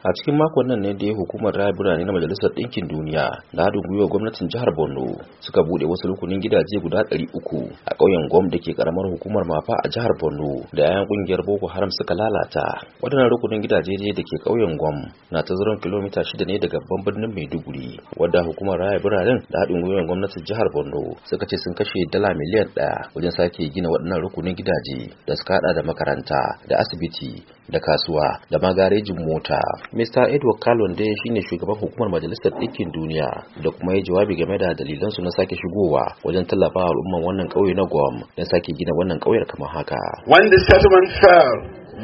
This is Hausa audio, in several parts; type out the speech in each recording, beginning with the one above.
a cikin makon nan ne da ya hukumar raya birane na majalisar ɗinkin duniya da haɗin gwiwa gwamnatin jihar borno suka buɗe wasu rukunin gidaje guda ɗari uku a ƙauyen gwam da ke ƙaramar hukumar mafa a jihar borno da yayan ƙungiyar boko haram suka lalata waɗannan rukunin gidaje ne da ke ƙauyen gwam na ta tazaron kilomita shida ne daga babban birnin maiduguri wadda hukumar raya biranen da haɗin gwiwa gwamnatin jihar borno suka ce sun kashe dala miliyan ɗaya wajen sake gina waɗannan rukunin gidaje da suka haɗa da makaranta da asibiti da kasuwa da magarejin mota Mr. Edward Kalon dai shine shugaban hukumar Majalisar Ɗinkin Duniya da kuma ya jawabi game da dalilan su na sake shigowa wajen tallafa al'umman wannan ƙauye na Guam don sake gina wannan ƙauyar kamar haka. When the settlement fell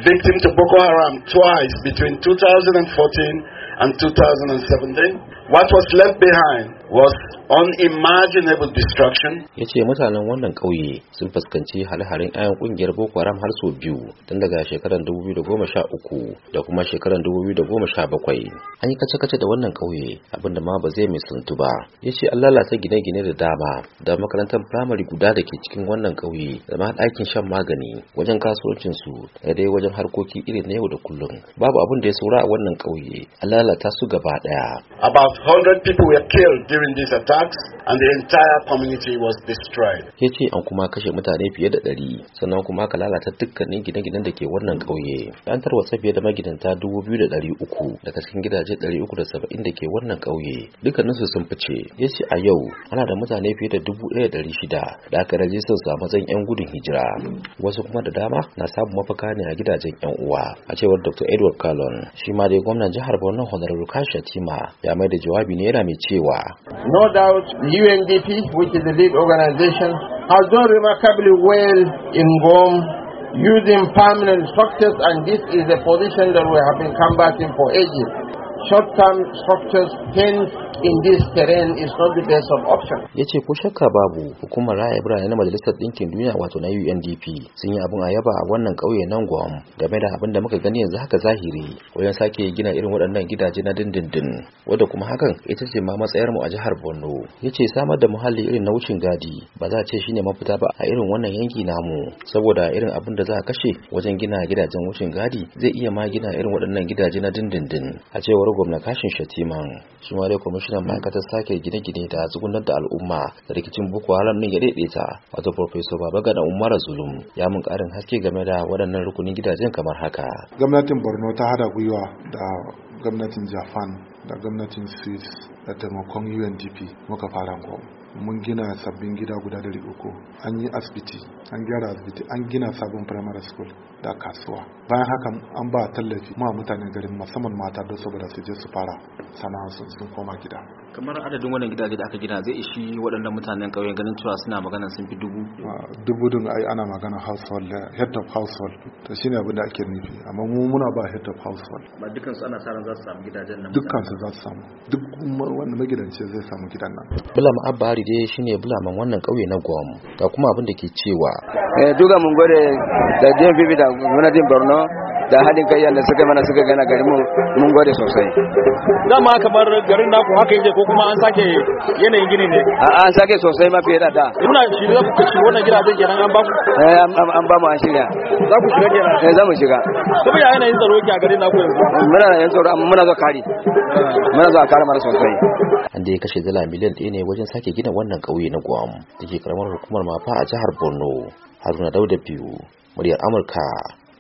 victim to Boko Haram twice between 2014 and 2017, what was left behind was unimaginable destruction. Ya ce mutanen wannan ƙauye sun fuskanci hare-haren 'ya'yan ƙungiyar Boko Haram har sau biyu tun daga shekarar 2013 da kuma shekarar 2017. An yi kace-kace da wannan ƙauye abinda ma ba zai misaltu ba. Ya ce an lalata gine-gine da dama da makarantar firamare guda da ke cikin wannan ƙauye da ma ɗakin shan magani wajen kasuwancinsu da dai wajen harkoki irin na yau da kullum. Babu abin da ya saura a wannan ƙauye. Allah lalata su gaba daya about 100 people were killed during these attacks and the entire community was destroyed yace an kuma kashe mutane fiye da 100 sannan kuma aka lalata dukkanin gine-ginen da ke wannan kauye an tarwa fiye da magidanta 2300 daga cikin gidaje 370 da ke wannan kauye dukkanin su sun fice yace a yau ana da mutane fiye da 1600 da aka rajistar su a matsayin yan gudun hijira wasu kuma da dama na samun mafaka ne a gidajen yan uwa a cewar Dr. Edward Kalon shi ma dai gwamnan jihar Borno Honorable Kasha Tima ya jawabi ne yana mai cewa No doubt UNDP which is the lead organization has done remarkably well in Gom using permanent structures and this is the position that we have been combating for ages. Short-term structures tend in this terrain is not the best of option. Ya ce ko shakka babu hukumar raya birane na Majalisar Ɗinkin Duniya wato na UNDP sun yi abin a yaba a wannan kauye nan Guam game da abin da muka gani yanzu haka zahiri wajen sake gina irin waɗannan gidaje na dindindin wadda kuma hakan ita ce ma matsayar mu a jihar Borno. Ya ce samar da muhalli irin na wucin gadi ba za a ce shine mafita ba a irin wannan yanki namu saboda irin abin da za a kashe wajen gina gidajen wucin gadi zai iya ma gina irin waɗannan gidaje na dindindin a cewar gwamna kashin Shatiman. Shi ma dai kwamishinan ma'aikatar sake gine-gine da zugunar da al'umma da rikicin boko haram din ya ta wato professor babagana umar zulum ya mun karin haske game da waɗannan rukunin gidajen kamar haka gwamnatin borno ta hada gwiwa da gwamnatin japan da gwamnatin swiss da taimakon undp muka fara gwamnati mun gina sabbin gida guda dari uku an yi asibiti an gyara asibiti an gina sabon primary school da kasuwa bayan haka an ba tallafi ma mutanen garin musamman mata don saboda su je su fara sana'a sun koma gida kamar adadin wannan gidaje da aka gina zai ishi waɗannan mutanen ƙauyen ganin cewa suna magana sun fi dubu dubu din ai ana magana household head of household to shine abin da ake nufi amma mu muna ba head of household ba dukkan su ana tsaron za su samu gidajen nan dukkan su za su samu duk wanda magidanci zai samu gidan nan mu abari je shine bulaman wannan kauye na Gwam ga kuma abin da ke cewa eh duka mun gode da bibi da gwamnatin Borno da haɗin kai yadda suka mana suka gana garin mun gode sosai dama kamar garin naku haka yake ko kuma an sake yanayin gini ne a an sake sosai ma fiye da da muna shirye za ku ci wannan gidajen kenan an ba ku eh an ba mu an shirya za ku shiga kenan eh za mu shiga kuma ya yanayin tsaro ki a garin naku yanzu muna yanayin tsaro amma muna zo kare muna zo a kare mara sosai an da ya kashe dala miliyan ɗaya ne wajen sake gina wannan ƙauye na Guam da ke karamar hukumar Mafa a jihar Borno Haruna Dauda biyu muryar Amurka